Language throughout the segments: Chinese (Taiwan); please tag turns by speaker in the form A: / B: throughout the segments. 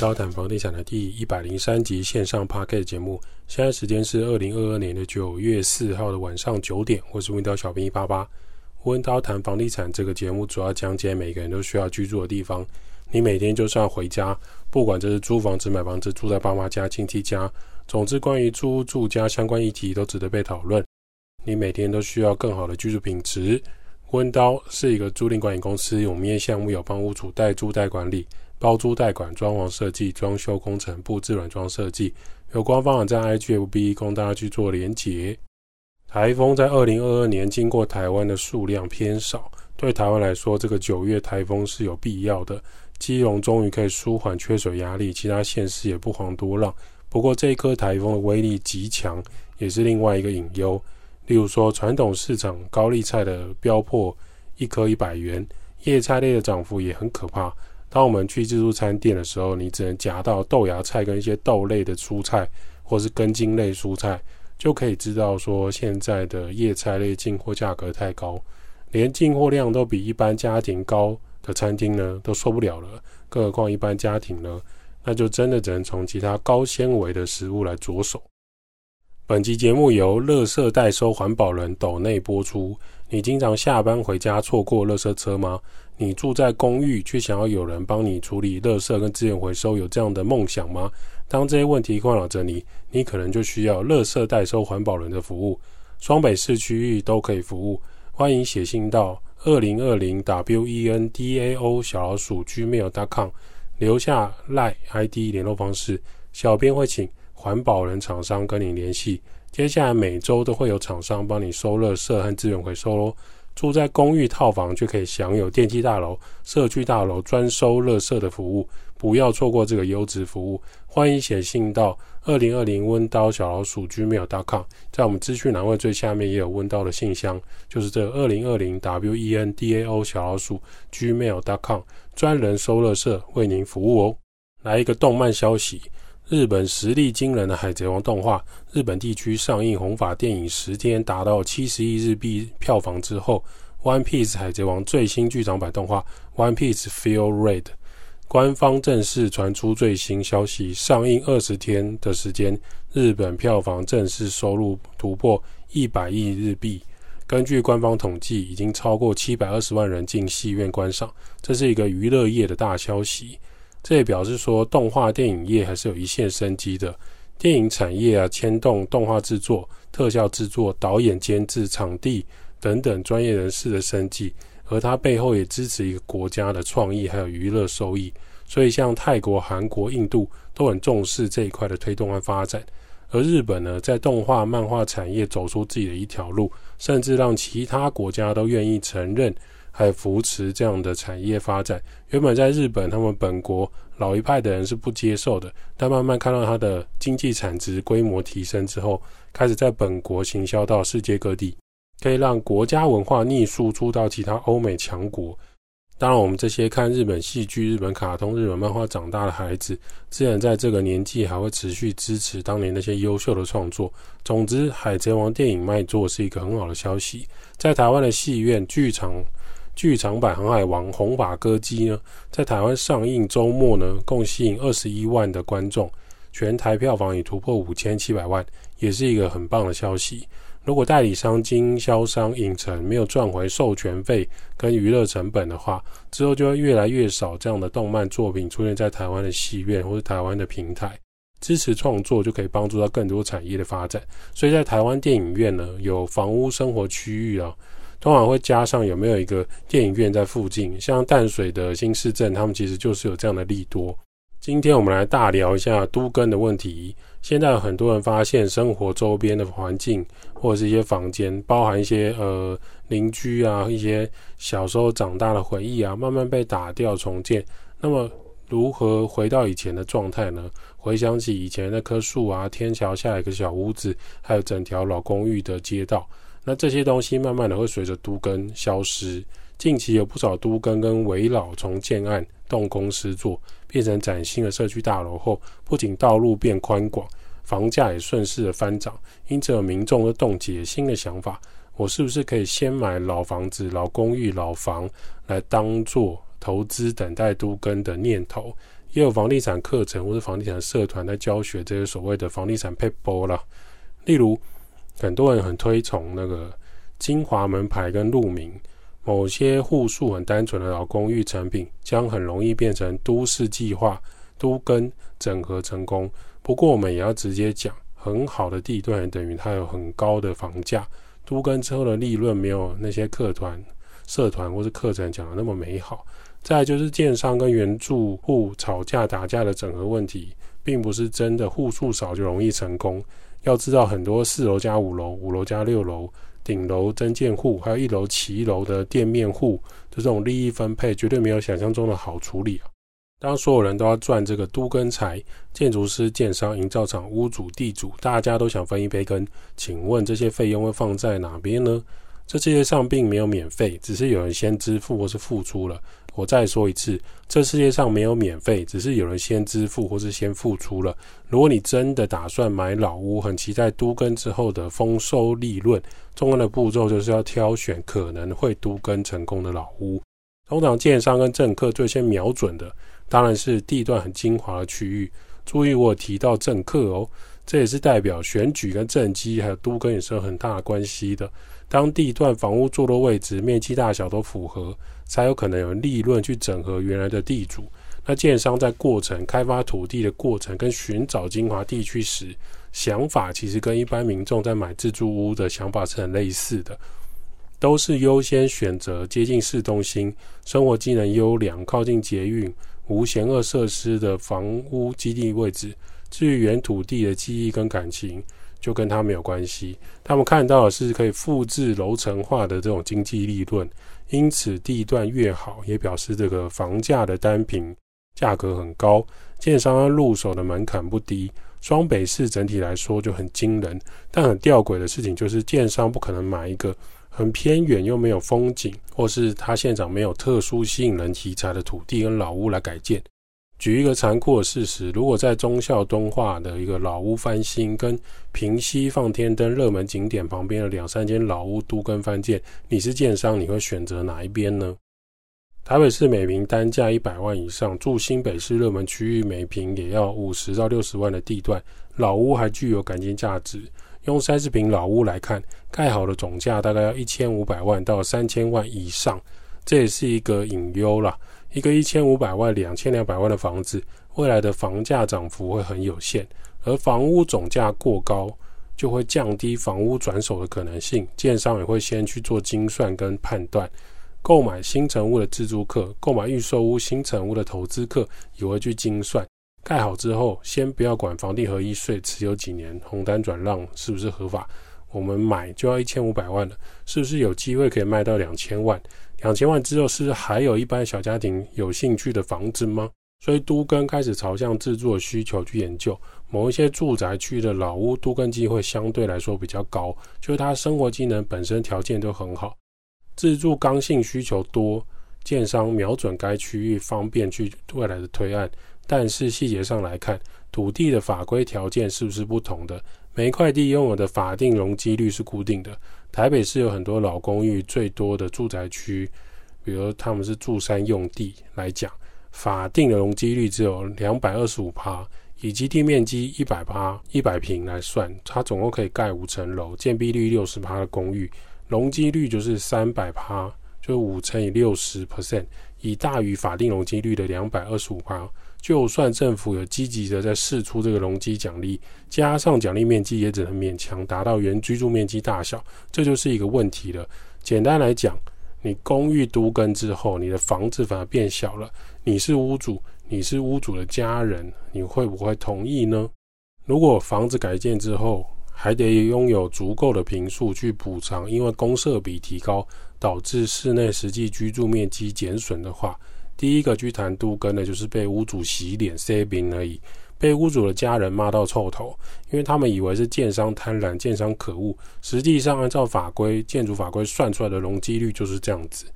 A: 溫叨談房地產的第一百零三集線上 podcast 節目，現在時間是二零二二年的九月四號的晚上九點，我是溫叨小兵一八八。溫叨談房地產這個節目主要講解每個人都需要居住的地方。你每天就算回家，不管這是租房子、買房子、住在爸媽家、親戚家，總之關於租住家相關議題都值得被討論。你每天都需要更好的居住品質。溫叨是一個租賃管理公司，我們營業項目有幫屋主代租代管理，包租代管、裝潢設計，裝修工程，佈置軟裝設計。有官方網站 IGFB 供大家去做連結。台風在二零二二年經過台灣的數量偏少，對台灣來說，這個九月台風是有必要的。基隆終於可以舒緩缺、缺水壓力，其他縣市也不遑多讓。不過，這一顆台風的威力極強，也是另外一個隱憂。例如說，傳統市場高麗菜的飆破一顆一百元，葉菜類的漲幅也很可怕。當我們去自助餐店的時候，你只能夾到豆芽菜跟一些豆類的蔬菜，或是根莖類蔬菜，就可以知道說現在的葉菜類進貨價格太高，連進貨量都比一般家庭高的餐廳呢都受不了了，更何況一般家庭呢？那就真的只能從其他高纖維的食物來着手。本期節目由垃圾代收環保人斗內播出。你經常下班回家錯過垃圾車嗎？你住在公寓卻想要有人幫你處理垃圾跟資源回收，有這樣的夢想嗎？當這些問題困擾着你，你可能就需要垃圾代收環保人的服務。雙北市區域都可以服務，歡迎寫信到二零二零 WENDAO 小老鼠 gmail.com，留下 Line ID 聯絡方式，小編會請。環保人廠商跟你聯繫，接下來每周都會有廠商幫你收垃圾和資源回收嘍。住在公寓套房就可以享有電梯大樓、社區大樓專收垃圾的服務，不要錯過這個優質服務。歡迎寫信到二零二零溫叨小老鼠 gmail.com，在我們資訊欄位最下面也有溫叨的信箱，就是這個二零二零 W E N D A O 小老鼠 gmail.com，專人收垃圾為您服務哦。來一個動漫消息。日本實力驚人的《海賊王》動畫，日本地區上映紅髮電影十天達到七十億日幣票房之後，《One Piece》海賊王最新劇場版動畫《One Piece Feel Red》官方正式傳出最新消息，上映二十天的時間，日本票房正式收入突破一百億日幣。根據官方統計，已經超過七百二十萬人進戲院觀賞，這是一個娛樂業的大消息。這也表示說，動畫電影業還是有一線生機的。電影產業啊，牽動動畫製作、特效製作、導演監製、場地等等專業人士的生計，而它背後也支持一個國家的創意還有娛樂收益。所以，像泰國、韓國、印度都很重視這一塊的推動和發展。而日本呢，在動畫漫畫產業走出自己的一條路，甚至讓其他國家都願意承認。還扶持這樣的產業發展。原本在日本，他們本國老一派的人是不接受的，但慢慢看到他的經濟產值規模提升之後，開始在本國行銷到世界各地，可以讓國家文化逆輸出到其他歐美強國。當然，我們這些看日本戲劇、日本卡通、日本漫畫長大的孩子，自然在這個年紀還會持續支持當年那些優秀的創作。總之，《海賊王》電影賣座是一個很好的消息，在台灣的戲院、劇場。劇場版《航海王：紅髮歌姬》呢，在台灣上映周末呢，共吸引二十一萬的觀眾，全台票房已突破五千七百萬，也是一個很棒的消息。如果代理商、經銷商、影城沒有賺回授權費跟娛樂成本的話，之後就會越來越少這樣的動漫作品出現在台灣的戲院或者台灣的平台。支持創作就可以幫助到更多產業的發展，所以在台灣電影院呢，有房屋生活區域啊。通常會加上有沒有一個電影院在附近，像淡水的新市鎮，他們其實就是有這樣的利多。今天我們來大聊一下都更的問題。現在很多人發現生活周邊的環境，或者是一些房間，包含一些呃鄰居啊，一些小時候長大的回憶啊，慢慢被打掉重建。那麼如何回到以前的狀態呢？回想起以前那棵樹啊，天橋下有一個小屋子，還有整條老公寓的街道。那這些東西慢慢的會隨着都更消失。近期有不少都更跟圍繞重建案動工施作，變成嶄新的社區大樓後，不僅道路變寬廣，房價也順勢的翻漲。因此，有民眾的動起新的想法，我是不是可以先買老房子、老公寓、老房來當做投資，等待都更的念頭？也有房地產課程或是房地產社團在教學這些所謂的房地產撇步啦，例如，很多人很推崇那個精華門牌跟路名，某些戶數很單純的老公寓產品，將很容易變成都市計劃都更整合成功。不過我們也要直接講，很好的地段等於它有很高的房價，都更之後的利潤沒有那些客團、社團或是課程講的那麼美好。再來就是建商跟原住戶吵架打架的整合問題，並不是真的戶數少就容易成功。要知道很多四樓加五樓、五樓加六樓、頂樓增建戶，還有一樓騎樓的店面戶，這種利益分配絕對沒有想象中的好處理啊！當所有人都要賺這個都更財，建築師、建商、營造廠、屋主、地主，大家都想分一杯羹，請問這些費用會放在哪邊呢？這世界上並沒有免費，只是有人先支付或是付出了。我再說一次，這世界上沒有免費，只是有人先支付或是先付出了。如果你真的打算買老屋，很期待都更之後的豐收利潤，重要的步驟就是要挑選可能會都更成功的老屋。通常建商跟政客最先瞄準的，當然是地段很精華的區域。注意我有提到政客哦，這也是代表選舉跟政績還有都更也是有很大的關係的。當地段、房屋坐落位置、面積大小都符合，才有可能有利潤去整合原來的地主。那建商在過程開發土地的過程，跟尋找精華地區時想法，其實跟一般民眾在買自住屋的想法是很類似的，都是優先選擇接近市中心、生活機能優良、靠近捷運、無嫌惡設施的房屋基地位置。至於原土地的記憶跟感情。就跟他沒有關係，他們看到的是可以複製樓層化的這種經濟利潤，因此地段越好，也表示這個房價的單品價格很高，建商要入手的門檻不低。雙北市整體來說就很驚人，但很吊詭的事情就是，建商不可能買一個很偏遠又沒有風景，或是他現場沒有特殊吸引人題材的土地跟老屋來改建。舉一個殘酷的事實：如果在忠孝東化的一個老屋翻新，跟平溪放天燈熱門景點旁邊的兩三間老屋都更翻建，你是建商，你會選擇哪一邊呢？台北市每坪單價一百萬以上，住新北市熱門區域每坪也要五十到六十萬的地段，老屋還具有改建價值。用三十坪老屋來看，蓋好的總價大概要一千五百萬到三千萬以上，這也是一個隱憂啦。一個一千五百萬、兩千兩百萬的房子，未來的房價漲幅會很有限，而房屋總價過高就會降低房屋轉手的可能性。建商也會先去做精算跟判斷，購買新成屋的自住客、購買預售屋、新成屋的投資客也會去精算。蓋好之後，先不要管房地合一稅持有幾年、紅單轉讓是不是合法，我們買就要一千五百萬了，是不是有機會可以賣到兩千萬？兩千萬之後是還有一般小家庭有興趣的房子嗎？所以都更開始朝向自住的需求去研究，某一些住宅區的老屋都更機會相對來說比較高，就是它生活機能本身條件都很好，自住剛性需求多，建商，瞄準該區域方便去未來的推案，但是細節上來看，土地的法規條件是不是不同的？每一塊地擁有的法定容積率是固定的。台北市有很多老公寓最多的住宅區，比如他們是住三用地來講，法定的容積率只有兩百二十五趴，以基地面積一百趴一百平來算，它總共可以蓋五層樓，建蔽率六十趴的公寓，容積率就是三百趴，就五乘以六十 percent，以大於法定容積率的兩百二十五趴。就算政府有積極的在釋出這個容積獎勵，加上獎勵面積，也只能勉強達到原居住面積大小，這就是一個問題了。簡單來講，你公寓都更之後，你的房子反而變小了。你是屋主，你是屋主的家人，你會不會同意呢？如果房子改建之後，還得擁有足夠的坪數去補償，因為公設比提高導致室內實際居住面積減損，損的話。第一個去談都更的，就是被屋主洗臉、塞餅而已，被屋主的家人罵到臭頭，因為他們以為是建商貪婪、建商可惡。實際上，按照法規、建築法規算出來的容積率就是這樣子。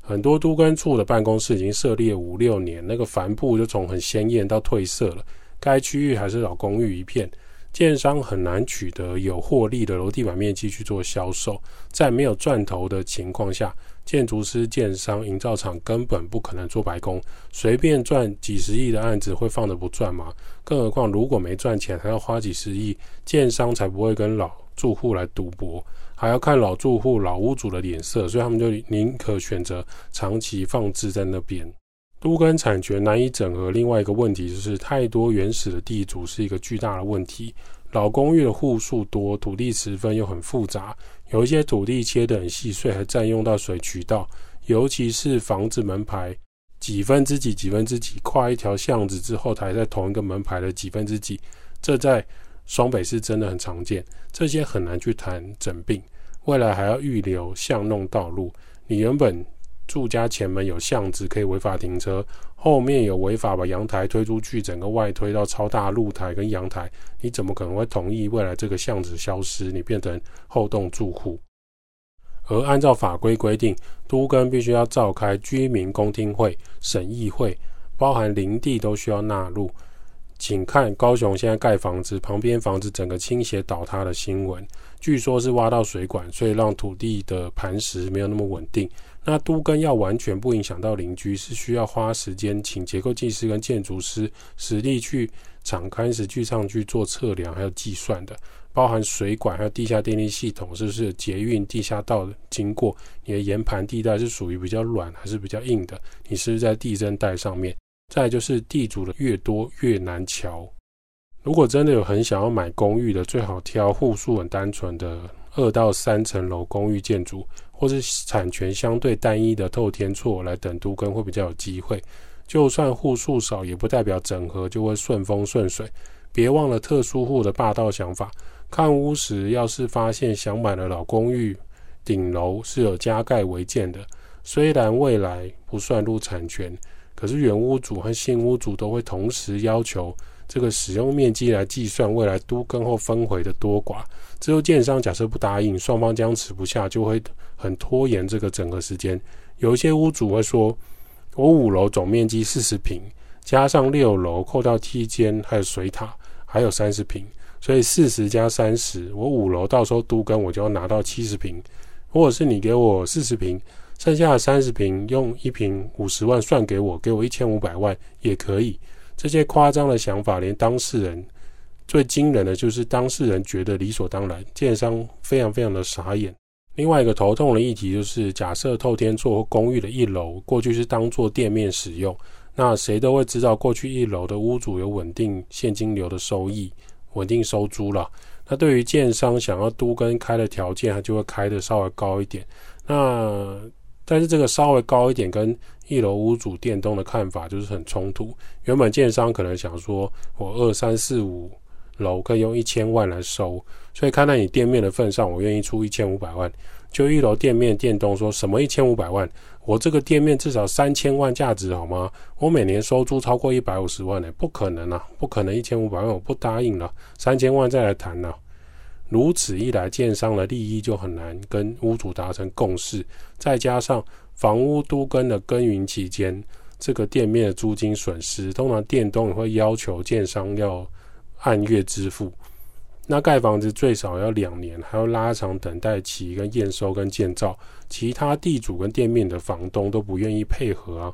A: 很多都更處的辦公室已經設立了五六年，那個帆布就從很鮮豔到褪色了。該區域還是老公寓一片，建商很難取得有獲利的樓地板面積去做銷售，在沒有賺頭的情況下，建築師、建商、營造廠根本不可能做白工，隨便賺幾十億的案子會放着不賺嗎？更何況如果沒賺錢還要花幾十億，建商才不會跟老住戶來賭博，還要看老住戶、老屋主的臉色，所以他們就寧可選擇長期放置在那邊。都更產權難以整合，另外一個問題就是太多原始的地主是一個巨大的問題。老公寓的戶數多，土地持分又很複雜，有一些土地切得很細碎，還佔用到水渠道，尤其是房子門牌幾分之幾、幾分之幾，跨一條巷子之後才在同一個門牌的幾分之幾，這在雙北市真的很常見，這些很難去談整併，未來還要預留巷弄道路，你原本，住家前門有巷子可以違法停車，後面有違法把陽台推出去，整個外推到超大露台跟陽台，你怎麼可能會同意未來這個巷子消失，你變成後棟住戶？而按照法規規定，都更必須要召開居民公聽會、審議會，包含林地都需要納入。請看高雄現在蓋房子，旁邊房子整個傾斜倒塌的新聞，據說是挖到水管，所以讓土地的磐石沒有那麼穩定。那都更要完全不影響到鄰居，是需要花時間請結構技師跟建築師實地去敞開時地上去做測量，還有計算的，包含水管還有地下電力系統，是不是捷運地下道經過？你的岩盤地帶是屬於比較軟還是比較硬的？你是不是在地震帶上面？再就是地主的，越多越難喬。如果真的有很想要買公寓的，最好挑戶數很單純的二到三層樓公寓建築，或是產權相對單一的透天厝來等都更會比較有機會。就算戶數少，也不代表整合就會順風順水。別忘了特殊戶的霸道想法。看屋時要是發現想買的老公寓頂樓是有加蓋違建的，雖然未來不算入產權。可是原屋主和新屋主都會同時要求這個使用面積來計算未來都更後分回的多寡。只有建商假設不答應，雙方僵持不下，就會很拖延這個整個時間。有一些屋主會說：“我五樓總面積四十平，加上六樓扣掉梯間還有水塔，還有三十平，所以四十加三十，30，我五樓到時候都更我就要拿到七十平。或者是你給我四十平。”剩下的三十坪，用一坪五十萬算給我，給我一千五百萬也可以。這些誇張的想法，連當事人最驚人的就是當事人覺得理所當然，建商非常非常的傻眼。另外一個頭痛的議題就是，假設透天厝或公寓的一樓，過去是當做店面使用，那誰都會知道，過去一樓的屋主有穩定現金流的收益，穩定收租啦。那對於建商想要都更開的條件，他就會開得稍微高一點。那。但是這個稍微高一點，跟一樓屋主店東的看法就是很衝突。原本建商可能想說，我二三四五樓可以用一千萬來收，所以看在你店面的份上，我願意出一千五百萬。就一樓店面，店東說什麼一千五百萬？我這個店面至少三千萬價值，好嗎？我每年收租超過一百五十萬呢，哎，不可能啊，不可能一千五百萬，我不答應了，三千萬再來談了。如此一來，建商的利益就很難跟屋主達成共識。再加上房屋都更的耕耘期間，這個店面的租金損失，通常房東也會要求建商要按月支付。那蓋房子最少要兩年，還要拉長等待期跟驗收跟建造，其他地主跟店面的房東都不願意配合啊。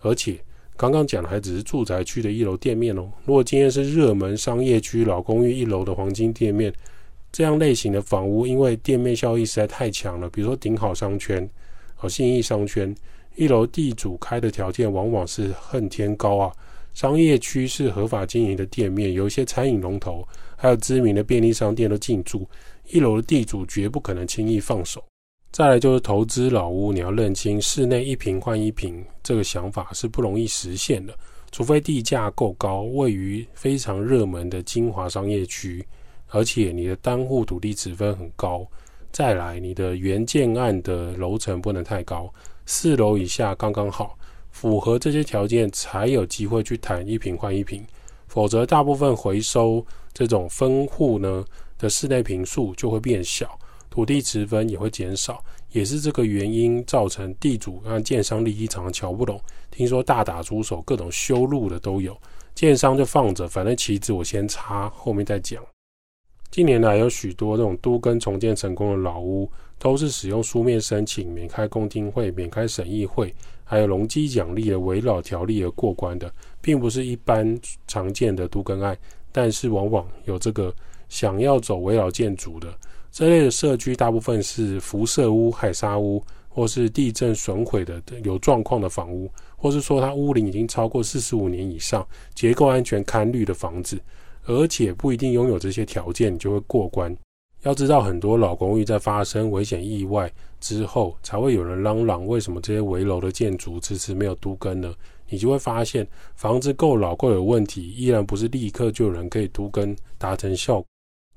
A: 而且剛剛講的還只是住宅區的一樓店面哦。如果今天是熱門商業區老公寓一樓的黃金店面，這樣類型的房屋，因為店面效益實在太強了，比如說頂好商圈、哦信義商圈，一樓地主開的條件往往是恨天高啊。商業區是合法經營的店面，有一些餐飲龍頭，還有知名的便利商店都進駐，一樓的地主絕不可能輕易放手。再來就是投資老屋，你要認清室內一平換一平這個想法是不容易實現的，除非地價夠高，位於非常熱門的精華商業區。而且你的單戶土地持分很高，再來你的原建案的樓層不能太高，四樓以下剛剛好，符合這些條件才有機會去談一坪換一坪，否則大部分回收這種分戶呢的室內坪數就會變小，土地持分也會減少，也是這個原因造成地主和建商利益常常喬不攏。聽說大打出手，各種修路的都有，建商就放着，反正旗子我先插，後面再講。近年來有許多這種都更重建成功的老屋，都是使用書面申請、免開公聽會、免開審議會，還有容積獎勵的危老條例而過關的，並不是一般常見的都更案。但是往往有這個想要走危老建築的這類的社區，大部分是輻射屋、海砂屋，或是地震損毀的有狀況的房屋，或是說它屋齡已經超過四十五年以上、結構安全堪慮的房子。而且不一定擁有這些條件你就會過關。要知道，很多老公寓在發生危險意外之後，才會有人嚷嚷：為什麼這些危樓的建築遲遲遲沒有都更呢？你就會發現，房子夠老、夠有問題，依然不是立刻就有人可以都更達成效果。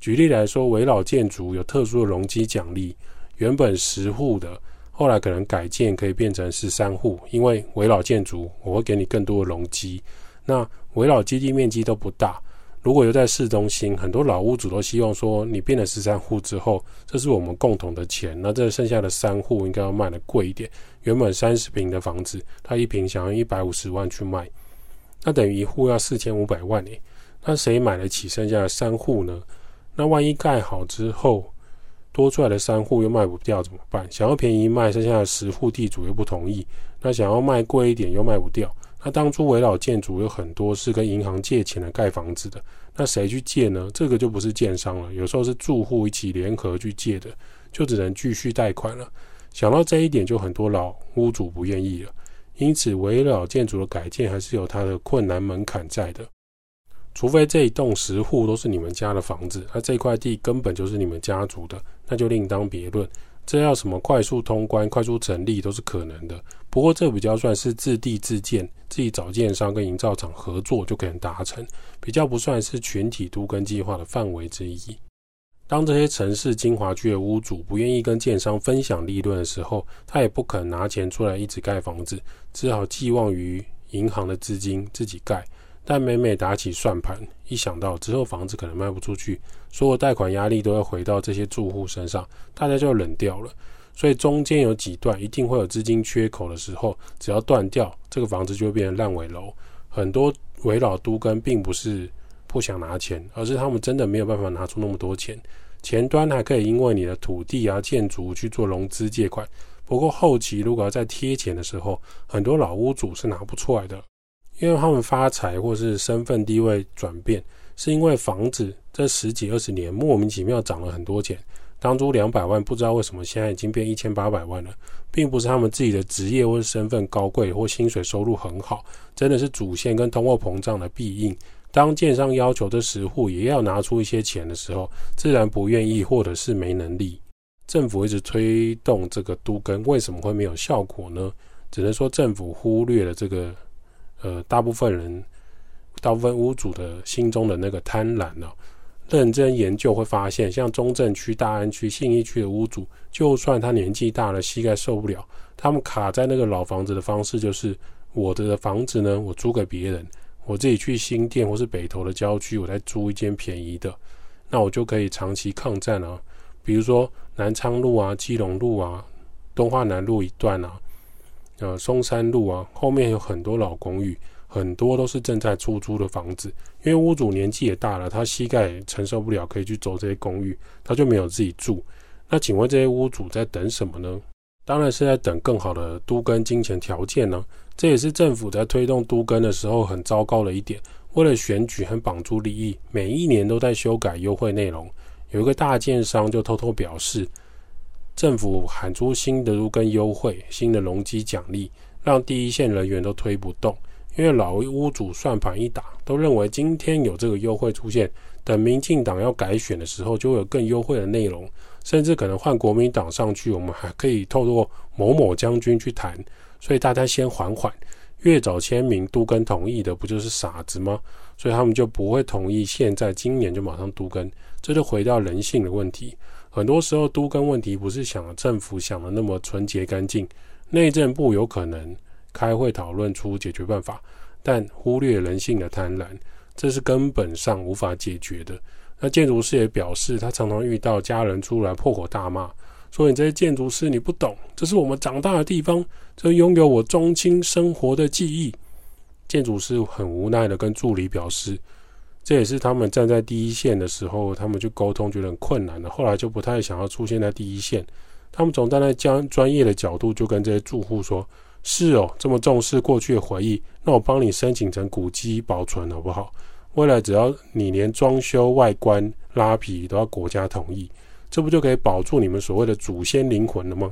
A: 舉例來說，危老建築有特殊的容積獎勵，原本十戶的，後來可能改建可以變成十三戶，因為危老建築我會給你更多的容積。那危老基地面積都不大。如果又在市中心，很多老屋主都希望說，你變了十三戶之後，這是我們共同的錢。那這剩下的三戶應該要賣得貴一點。原本三十平的房子，他一平想要一百五十萬去賣，那等於一戶要四千五百萬誒。那誰買得起剩下的三戶呢？那萬一蓋好之後，多出來的三戶又賣不掉怎麼辦？想要便宜賣，剩下的十戶地主又不同意。那想要賣貴一點又賣不掉。那當初危老建築，有很多是跟銀行借錢來蓋房子的，那誰去借呢？這個就不是建商了，有時候是住戶一起聯合去借的，就只能繼續貸款了。想到這一點，就很多老屋主不願意了。因此，危老建築的改建還是有它的困難門檻在的，除非這一棟十戶都是你們家的房子，那這塊地根本就是你們家族的，那就另當別論。這要什麼快速通關、快速成立都是可能的，不過這比較算是自地自建，自己找建商跟營造廠合作就可以達成，比較不算是群體都更計劃的範圍之一。當這些城市精華區的屋主不願意跟建商分享利潤的時候，他也不肯拿錢出來一直蓋房子，只好寄望於銀行的資金自己蓋。但每每打起算盤，一想到之後房子可能賣不出去，所有貸款壓力都要回到這些住戶身上，大家就冷掉了。所以中間有幾段一定會有資金缺口的時候，只要斷掉，這個房子就會變成爛尾樓。很多危老都更並不是不想拿錢，而是他們真的沒有辦法拿出那麼多錢。前端還可以因為你的土地啊、建築去做融資借款，不過後期如果要再貼錢的時候，很多老屋主是拿不出來的。因為他們發財或是身份地位轉變，是因為房子這十幾二十年莫名其妙漲了很多錢。當初兩百萬不知道為什麼現在已經變一千八百萬了，並不是他們自己的職業或身份高貴或薪水收入很好，真的是祖先跟通貨膨脹的庇蔭。當建商要求這十戶也要拿出一些錢的時候，自然不願意或者是沒能力。政府一直推動這個都更為什麼會沒有效果呢？只能說政府忽略了這個。呃，大部分人，大部分屋主的心中的那個貪婪呢、啊，認真研究會發現，像中正區、大安區、信義區的屋主，就算他年紀大了，膝蓋受不了，他們卡在那個老房子的方式就是，我的房子呢，我租給別人，我自己去新店或是北投的郊區，我再租一間便宜的，那我就可以長期抗戰啊。比如說南昌路啊、基隆路啊、敦化南路一段啊。呃，松山路啊，後面有很多老公寓，很多都是正在出租的房子，因為屋主年紀也大了，他膝蓋承受不了，可以去走這些公寓，他就沒有自己住。那請問這些屋主在等什麼呢？當然是在等更好的都更金錢條件呢、啊。這也是政府在推動都更的時候很糟糕的一點，為了選舉和綁住利益，每一年都在修改優惠內容。有一個大建商就偷偷表示。政府喊出新的都更優惠、新的容積獎勵，讓第一線人員都推不動，因為老屋主算盤一打，都認為今天有這個優惠出現，等民進黨要改選的時候，就會有更優惠的內容，甚至可能換國民黨上去，我們還可以透過某某將軍去談，所以大家先緩緩，越早簽名都更同意的不就是傻子嗎？所以他們就不會同意現在今年就馬上都更，這就回到人性的問題。很多時候，都更問題不是想政府想的那麼純潔乾淨。內政部有可能開會討論出解決辦法，但忽略人性的貪婪，這是根本上無法解決的。那建築師也表示，他常常遇到家人出來破口大罵，說：“你這些建築師，你不懂，這是我們長大的地方，這擁有我中青生活的記憶。”建築師很無奈地跟助理表示。這也是他們站在第一線的時候，他們就溝通覺得很困難了，後來就不太想要出現在第一線。他們總站在將專業的角度，就跟這些住戶說：“是哦，這麼重視過去的回憶，那我幫你申請成古蹟保存好不好？未來只要你連裝修、外觀拉皮都要國家同意，這不就可以保住你們所謂的祖先靈魂了嗎？”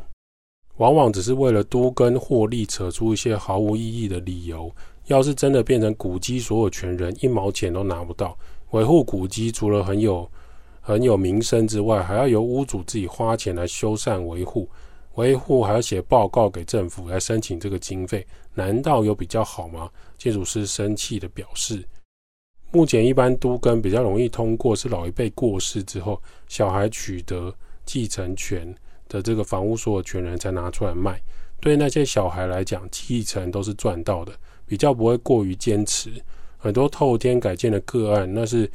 A: 往往只是為了多跟獲利扯出一些毫無意義的理由。要是真的變成古蹟所有權人，一毛錢都拿不到。維護古蹟除了很有很有名聲之外，還要由屋主自己花錢來修繕維護，維護還要寫報告給政府來申請這個經費，難道有比較好嗎？建築師生氣的表示，目前一般都更比較容易通過是老一輩過世之後，小孩取得繼承權的這個房屋所有權人才拿出來賣，對那些小孩來講，繼承都是賺到的。比較不會過於堅持，很多透天改建的個案，那是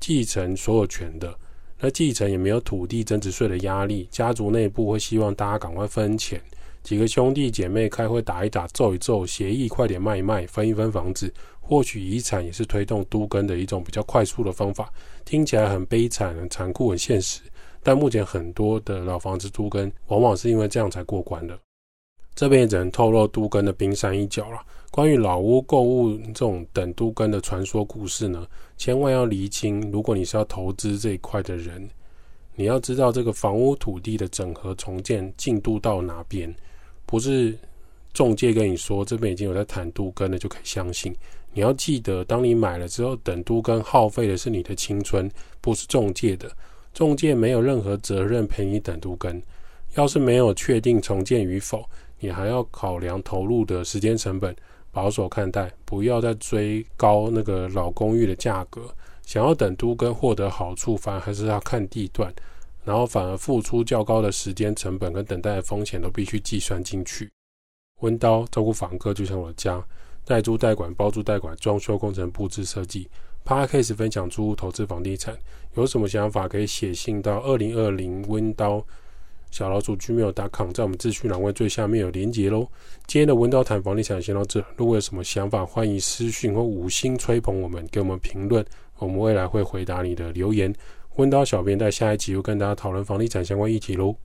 A: 繼承所有權的，那繼承也沒有土地增值稅的壓力。家族內部會希望大家趕快分錢，幾個兄弟姐妹開會打一打，揍一揍，協議快點賣一賣，分一分房子。獲取遺產也是推動都更的一種比較快速的方法。聽起來很悲慘、很殘酷、很現實，但目前很多的老房子都更，往往是因為這樣才過關的。這邊也只能透露都更的冰山一角了。關於老屋購物這種等都更的傳說故事呢，千萬要釐清。如果你是要投資這一塊的人，你要知道這個房屋土地的整合重建進度到哪邊，不是中介跟你說這邊已經有在談都更了就可以相信。你要記得，當你買了之後，等都更耗費的是你的青春，不是中介的。中介沒有任何責任陪你等都更。要是沒有確定重建與否，你還要考量投入的時間成本。保守看待，不要再追高那個老公寓的價格。想要等都更獲得好處，反而還是要看地段，然後反而付出較高的時間成本跟等待的風險都必須計算進去。溫叨照顧房客就像我的家，代租代管、包租代管、裝修工程、佈置設計。Podcast 分享租屋投資房地產，有什麼想法可以寫信到二零二零溫叨。小老鼠 Gmail 點 com，在我們資訊欄位最下面有連結嘍。今天的溫叨談房地產先到這，如果有什麼想法，歡迎私訊或五星吹捧我們，給我們評論，我們未來會回答你的留言。溫叨小編在下一集會跟大家討論房地產相關議題嘍。